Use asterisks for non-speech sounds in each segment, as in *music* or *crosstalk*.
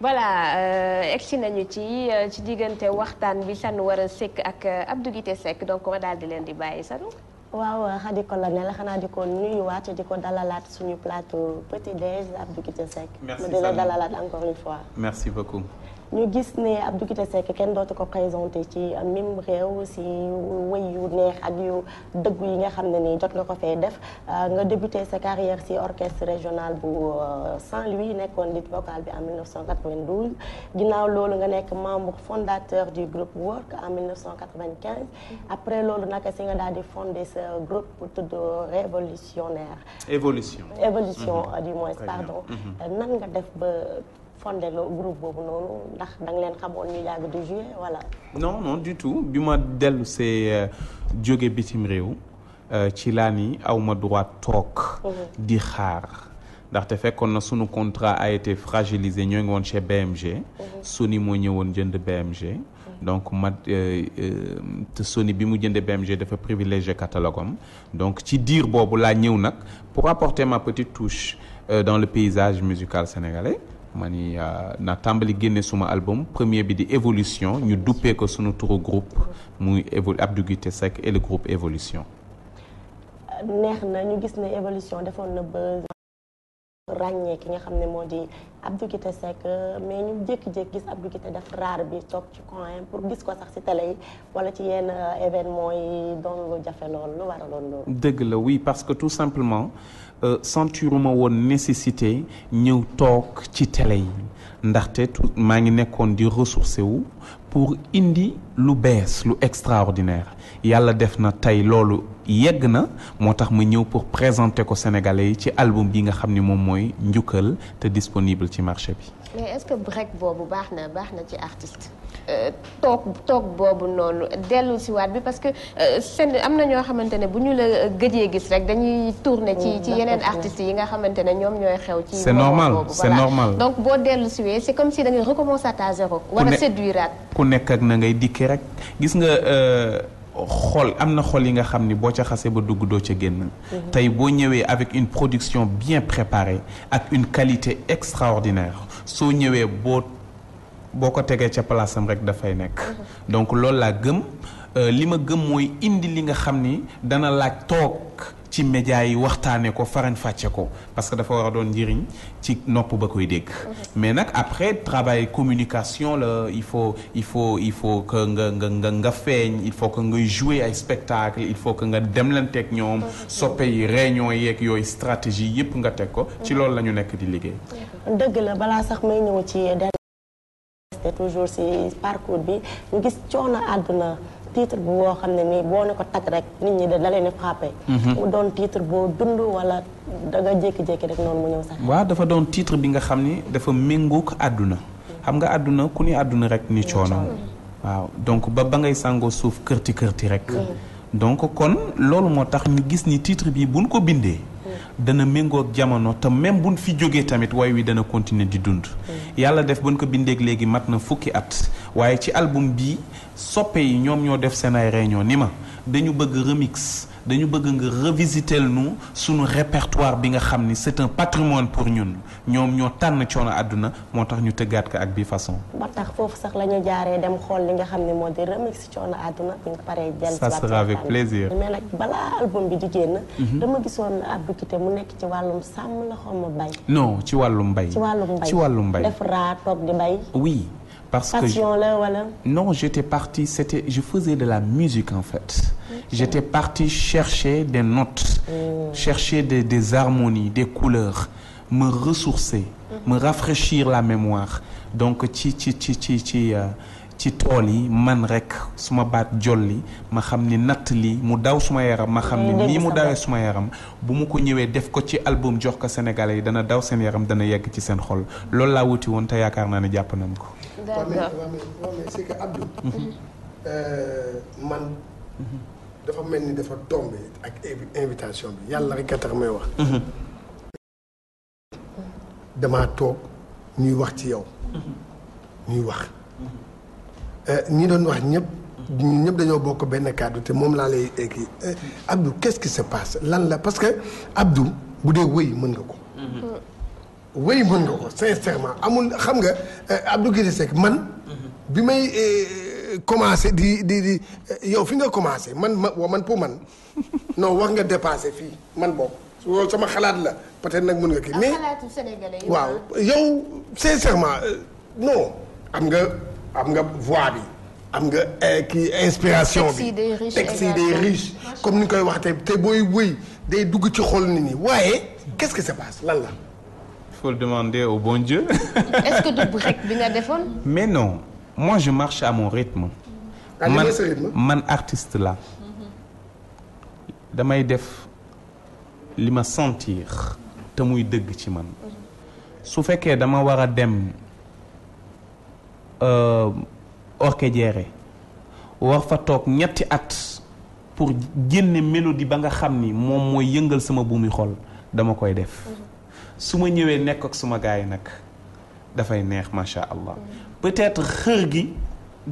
voilà euh, egsi nañu ci euh, ci diggante waxtaan bi sanu war a sekk ak euh, Abdou Guité Seck donc ma daal di leen di bàyyi sanu waaw xadi colonel xanaa di ko nuyuwaat di ko dalalaat suñu plateau petit déj Abdou Guité Seck. merci di la dalalaat encore une fois. merci beaucoup. ñu gis ne ab Guité Seck kenn dootu ko présenté ci même réew si wéy yu neex ak yu dëggu yi nga xam ne ni jot nga ko fee def euh, nga débuté sa carrière si orchestre régional bu euh, Saint-Louis nekkoon lead vocal bi en 1992 ginnaaw loolu nga nekk membre fondateur du groupe Work en 1995 mm-hmm. après loolu naka si nga daal di fondé sa groupe pour tudd révolutionnaire évolution évolution mm-hmm. euh, du moins mm-hmm. nan nga def ba fondé loo groupe boobu noonu ndax di tout bi ma dellu see euh, jóge bitim réew euh, ci laa ni aw ma droit mhm. di xaar. ndaxte fekkoon na sunu contrat a été fragilisé ñoo ngi woon chez BMG. Mhm. Sony moo ñëwoon jënd BMG. Mhm. donc ma euh, te bi mu jëndee BMG dafa privilégié catalogue am donc ci diir boobu laa ñëw nag pour apporter ma petite touche dans le paysage musical sénégalais. ma ni euh, naa tàmbali génne suma album premier bi di évolution ñu duppee ko sunu turu groupe muy évolu Abdou Guité et le groupe évolution neex na ñu gis ne évolution defoon na buzz ràññee ki nga xam ne moo di Abdou Guité Seck mais ñu jékki-jékki gis Abdou Guité def raar bi toog ci coin pour gis ko sax ci télé yi wala ci yenn euh, événement yi doon lu jafe lool lu waraloon loolu. dëgg la oui parce que tout simplement euh, sentiruma woon nécessité ñëw toog ci télé yi ndaxte tout maa ngi nekkoon di ressourcé wu pour indi lu bees lu extraordinaire yàlla def na tey loolu yegg na moo tax ma ñëw pour présenter ko Sénégalais yi ci album bi nga xam ni moom mooy Njukkal te disponible ci marché bi. Euh, toog toog boobu noonu dellu si waat bi parce que euh, seen am na ñoo xamante ne bu ñu la euh, gëjee gis rek dañuy tourne ci ci mm, yeneen artistes yi nga xamante ne ñoom ñooy xew ci c'est normal c'est normal donc boo dellu si wee c'est comme si da ngay recommencer à zéro war a séduiraat ku nekk ak na ngay dikkee rek gis nga xol am na xol yi nga xam ni boo ca xasee ba dugg doo ca génn mm-hmm. tey boo ñëwee avec une production bien préparée ak une qualité extraordinaire soo ñëwee boo boo ko tegee ca place am rek dafay nekk donc loolu laa gëm euh, li ma gëm mooy indi li nga xam ni dana laaj toog ci média yi waxtaanee ko farañ fàcce ko parce que dafa war a doon njëriñ ci nopp ba koy dégg mais nag après travail communication la il faut il faut il faut que nga nga nga feeñ il faut que ngay jouer ay spectacle il faut que nga demlanteek ñoom soppe yi réunion yeeg yooyu stratégie yëpp nga teg ko ci loolu la ñu nekk di liggéey dëgg la balaa sax te toujours si parcours bi ñu gis coono àdduna titre bu boo xam ne nii boo ne ko tag rek nit ñi da leen frappé mhm. mu doon titre boo dund wala da nga jékki-jékki rek noonu mu ñëw sax waaw dafa doon titre bi nga xam ne dafa méngook àdduna xam nga àdduna ku ni àdduna rek ni coono waaw donc ba ba ngay sàngoo suuf kërti kërti rek mm. donc kon loolu moo tax ñu gis ni titre bi buñ ko bindee dana méngoog jamono te même buñ fi jógee tamit way wi dana continuer di dund mm. yàlla def buñ ko bindeeg léegi mat na fukki at waaye ci album bi soppe yi ñoom ñoo def seen ay réunion ni ma dañu bëgg remix dañu bëgg nga revisiter nu suñu répertoire bi nga xam ni c'est un patrimoine pour ñun ñoom ñoo tànn coono àdduna moo tax ñu tëggaat ko ak bi façon. ba tax foofu sax lañu ñu jaaree dem xool li nga xam ne moo di remix coono àdduna bi nga paree. jël ça sera avec plaisir. mais nag balaa album bi di génn. Mhm. dama gisoon Abdou Kité mu nekk ci wàllum sàmm la xaw ma bay. non ci wàllum bay. ci wàllum bay ci wàllum bay. def raa toog di bay. parce Passion que je... là, voilà. non j'étais parti c'était je faisais de la musique en fait okay. j'étais parti chercher des notes mmh. chercher des, des harmonies des couleurs me ressourcer mmh. me rafraîchir la mémoire donc ci ci ci ci ci ci tool yi man rek suma baat jolli ma xam ni natt lii mu daw suma yaram ma xam ni mm, nii mu dawee suma yaram bu ma ko ñëwee def ko ci album jox ko sénégalais yi dana daw seen yaram dana yegg ci seen xol loolu laa wuti woon te yaakaar naa ne jàpp nañ ko c'est que mhm. euh, mhm. dafa mel ni dafa tombé ak invitation bi yàlla rek a tax may wax mhm. damaa toog ñuy wax ci yow wax Euh, ñi doon wax ñëpp. ñun ñëpp dañoo bokk benn kàddu te moom laa lay kii euh, Abdou qu'est-ce qui se passe lan la parce que Abdou bu dee wëy mën nga ko. Mm-hmm. wëy mën nga ko sincèrement amul xam nga euh, Abdou Guèye Seck man. Mm-hmm. bi may commencé di di di yow fi nga commencé man ma waa man pour man *laughs* non wax nga dépassé fii man bokk loolu sama xalaat la peut-être nag mën nga kii. mais waaw yow sincèrement non am nga. am nga voix bi am nga eh, kii inspiration bi texte yi day riche comme ni koy wax te te booy wëy day dugg ci xol nit ñi waaye qu'est-ce qui se passe lan la il faut le demander au bon Dieu *laughs* est-ce mais non moi je marche à rythme man artist la damay def li ma sentir te muy dëgg ci man su fekkee dama war a dem Euh, orchedière war fa toog ñetti at pour génne mélodie ba nga xam ni moom mooy yëngal sama buumi xol dama koy def su ma ñëwee nekk ak suma gars yi nag dafay neex macha allah peut-être xër gi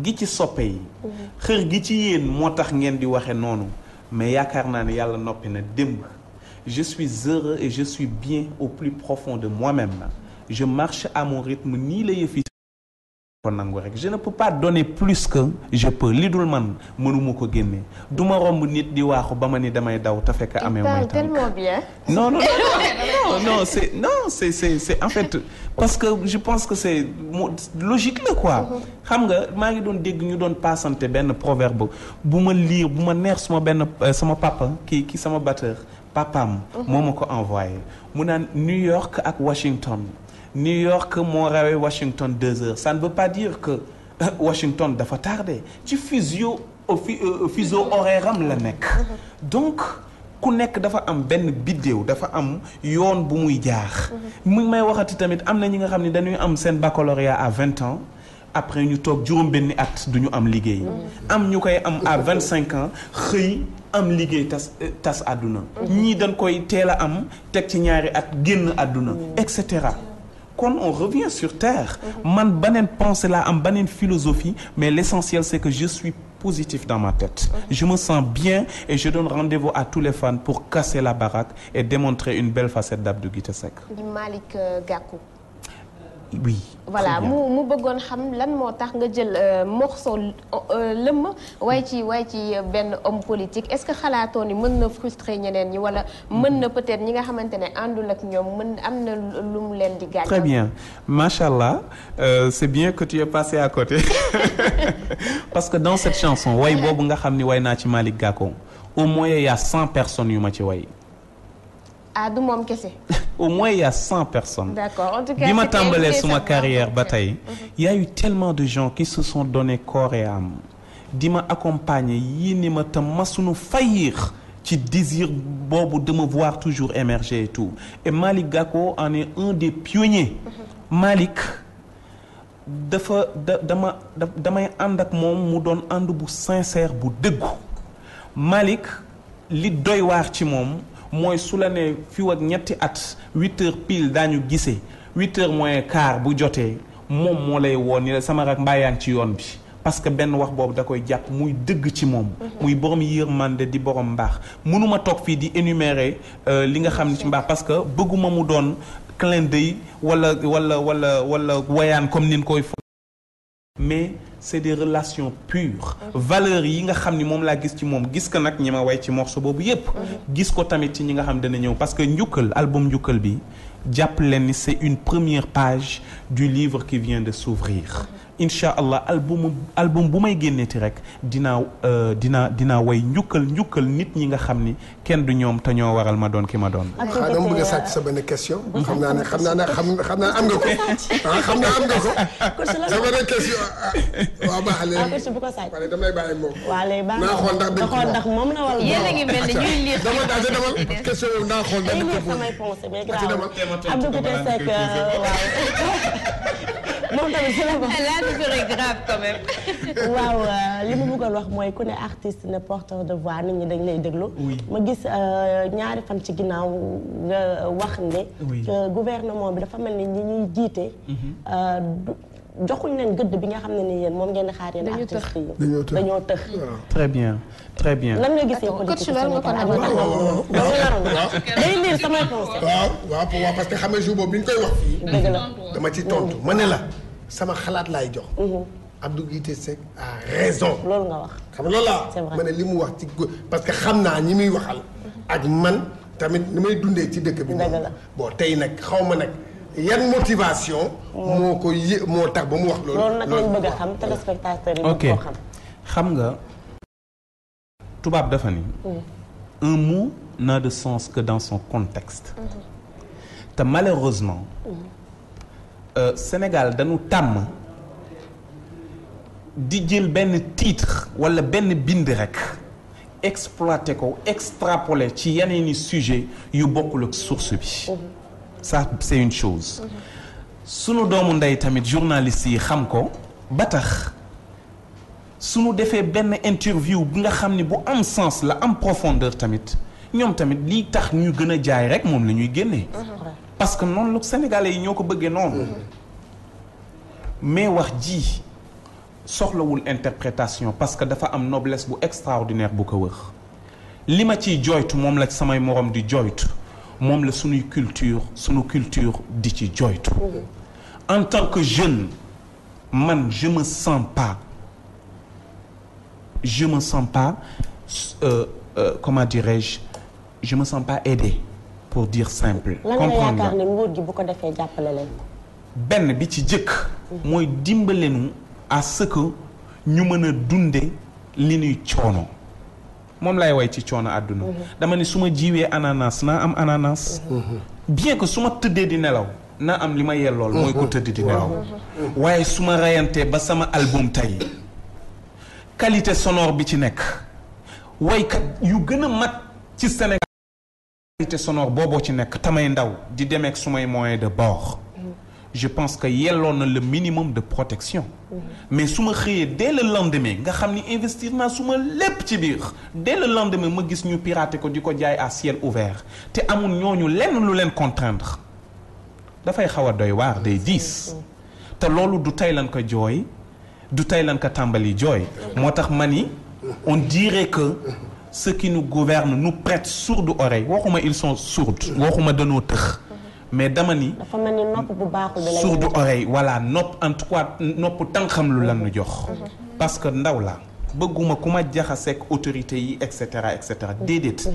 gi ci soppe yi xër gi ci yéen moo tax ngeen di waxe noonu mais yaakaar naa ne yàlla noppi na démb je suis heureux et je suis bien au plus profond de moi-même je marche à mon nii la yëfi ko nangu rek je ne peux pas plus que je peux li dul man mënuma ko génne du ma romb nit di waaxu ba ma ni damay daw te fekk amee mooy tam bien non non non non c'est non c'est en fait parce que je pense que c'est logique la quoi uh-huh. xam nga maa ngi doon dégg ñu doon passante benn proverbe bu ma lire bu ma neex suma benn euh, sama papa kii kii sama batteur papaam uh-huh. moo ma ko envoyé mu naan New York ak Washington New York moo rawee Washington deux heures ça ne veut pas dire que euh, Washington dafa tardé ci fuseau euh, euh, fuseau horaire am la nekk donc ku nekk dafa am benn biddéew dafa am yoon bu muy jaar mu may waxati tamit am na ñi nga xam ne dañuy am seen baccalauréat à vingt ans après ñu toog juróom-benni at duñu am liggéey am ñu koy am à vingt cinq ans xëy am liggéey tas tas àdduna ñii dañ koy teel a am teg ci ñaari ak génn àdduna et cetera kon on revient sur terre. man beneen pensée laa am beneen philosophie mais l'essentiel c'est que je suis positif dans ma tête. je me sens bien et je donne rendez-vous à tous les fans pour casser la baraque et démontrer une belle facette d'Abdou Guité Seck. Malick euh, Gakou. oui voilà mu mu bëggoon xam lan moo tax nga jël euh, morceau euh, lëmm waaye ci waaye ci benn homme politique est-ce que xalaatoo ni mën na frustrer ñeneen ñi wala mën na peut-être ñi nga xamante ne àndul ak ñoom mën am na lu mu leen di gaañ. très bien macha allah euh, c'est bien que tu es passé à côté *laughs* parce que dans cette chanson way boobu nga xam ni way naa ci Malick Gakou au moins il cent personnes yu ma ci way. ah du moom kese. *laughs* au moins il cent personnes. d'accord en bi ma tàmbalee suma carrière ba tey. y a tellement de gens qui se sont donné corps et di ma accompagner yii ni ma tam masuñu faillir ci désir boobu de me voir toujours émerger et tout et Malick Gakou en est un des pionniers. Mhm. Malick dafa da damay ànd ak moom mu doon ànd bu sincère bu dëggu Malick li doy waar ci moom. mooy su la nee fii ak ñetti at huit heures pile daañu gisee huit heures moins quart bu jotee moom moo lay woon ni sama rak mbaa ci yoon bi. parce que benn wax boobu da koy jàpp muy dëgg ci moom. Mhm. muy borom yërmande di borom mbaax. mënuma toog fii di énumérer euh, li nga xam ne ci mbaax parce que bëgguma mu doon clin d'œil wala walla wala wala woyaan comme nin koy. mais. c'est des relations pures valeurs yi nga xam ni moom laa gis ci moom gis ko nag ñi ma way ci morceau boobu yépp gis ko tamit ci ñi nga xam dana ñëw parce que njukkal album njukkal bi jàpp leen ni c'est une première page du livre qui vient de s'ouvrir mm incha allah album bu may génneeti rek dinaa euh, dinaa dinaa way njukkal njukkal nit ñi nga xam ni kenn du ñoom te ñoo waral ma doon ki ma doon. ak dama mm-hmm. xam naa ne xam naa ne xam naa am nga ko. xam naa am nga ko. *laughs* Ah, sa benn question *laughs* ah, ah, waaw ko sàcc. naa xool ndax moom na wala. yéen a ngi mel xool ndax. dëgg la samay pensées mais grave. Abdou euh, waaw. *laughs* moom tamit si la bokk. la nature est grave quand même. waaw euh, li ma bëggoon wax mooy ku ne artiste ne porteur de voix nit ñi dañ lay déglu. ma gis euh, ñaari fan ci ginnaaw nga euh, wax ne. que gouvernement bi dafa mel ni ñi ñuy jiite. Mhm. joxuñ leen gëdd bi nga xam ne ni yéen moom ngeen xaar yéen artistes yi dañoo tëx très bien très bien lan nga gisee politique Sénégal parce que xam nga jour boobu bi ñu koy wax fii dëgg la dama ci tontu mm. ma ne la sama xalaat laay jox mm-hmm. Abdou Guité Seck a raison loolu nga wax xam loolu laa ma ne li mu wax ci parce que xam naa ñi muy waxal ak man tamit ni may dundee ci dëkk bi moom bon tey nag xaw ma nag yan motivation. moo ko yé moo tax ba mu wax loolu. nag a xam yi. ok xam nga. tubaab dafa ni. Hmm. un mot n'a de sens que dans son contexte. Hmm. te malheureusement. Hmm. Euh, Sénégal dañu tàmm di jël benn titre walla benn bind rekk exploité ko extrapolet ci yeneen i sujet yu bokkul ak source bi. ça c'est une chose sunu doomu ndey tamit journaliste yi xam ko ba tax su sunu defee benn interview bi nga xam ni bu am sens la am profondeur tamit ñoom tamit lii tax ñu gën a jaay rek moom la ñuy génnee parce que noonu lu sénégalais yi ñoo ko bëggee noonu mais wax ji soxlawul interprétation parce que dafa am noblesse bu extraordinaire bu ko wër li ma ciy joytu moom la samay morom di joytu moom la suñuy culture suñu culture di ci joytu en tant que jeune man je me sens pas je me sens pas euh, euh, comment dirais-je je me sens pas aidé pour dire simple. comprendre lan nga yaakaar nguur gi bu ko defee jàppale leen. benn bi ci jëkk. mooy dimbale nu à ce que ñu mën a dunde li ñuy coono. moom lay way ci coono àdduna mhm. dama ne suma jiwee ananas naa am ananas mhm. bien que su ma tëddee di nelaw na am li ma yellool mhm. mooy ko tëdd di nelaw waaye suma reyantee ba sama album tey qualité sonore bi ci nekk waykat yu gën a mag ci Sénégal qualité sonore booboo ci nekk tamay ndaw di demee su may moyen de bord je pense que yelloon na le minimum de protection mais su ma xëyee dès le lendemain nga xam ni investir naa su ma lépp ci biir dès le lendemain ma gis ñu pirater ko di ko jaay à ciel ouvert te amul ñoo ñu lenn lu leen contraindre dafay xaw a doy waar day diis te loolu du tey lan ko jooy du tey lan ko tàmbali jooy moo tax ma ni on dirait que ceux qui nu gouvernent nous prêtent sourde oreille waxuma ils sont sourds waxuma danoo tëx mais dama ni. dafa mel bu baaxul bi oreille voilà nopp en tout cas nopp tànqam lu lan nu jox. Mhm. parce que ndaw la bëgguma ku ma jaxaseeg autorité yi et cetera et cetera mhm. déedéet.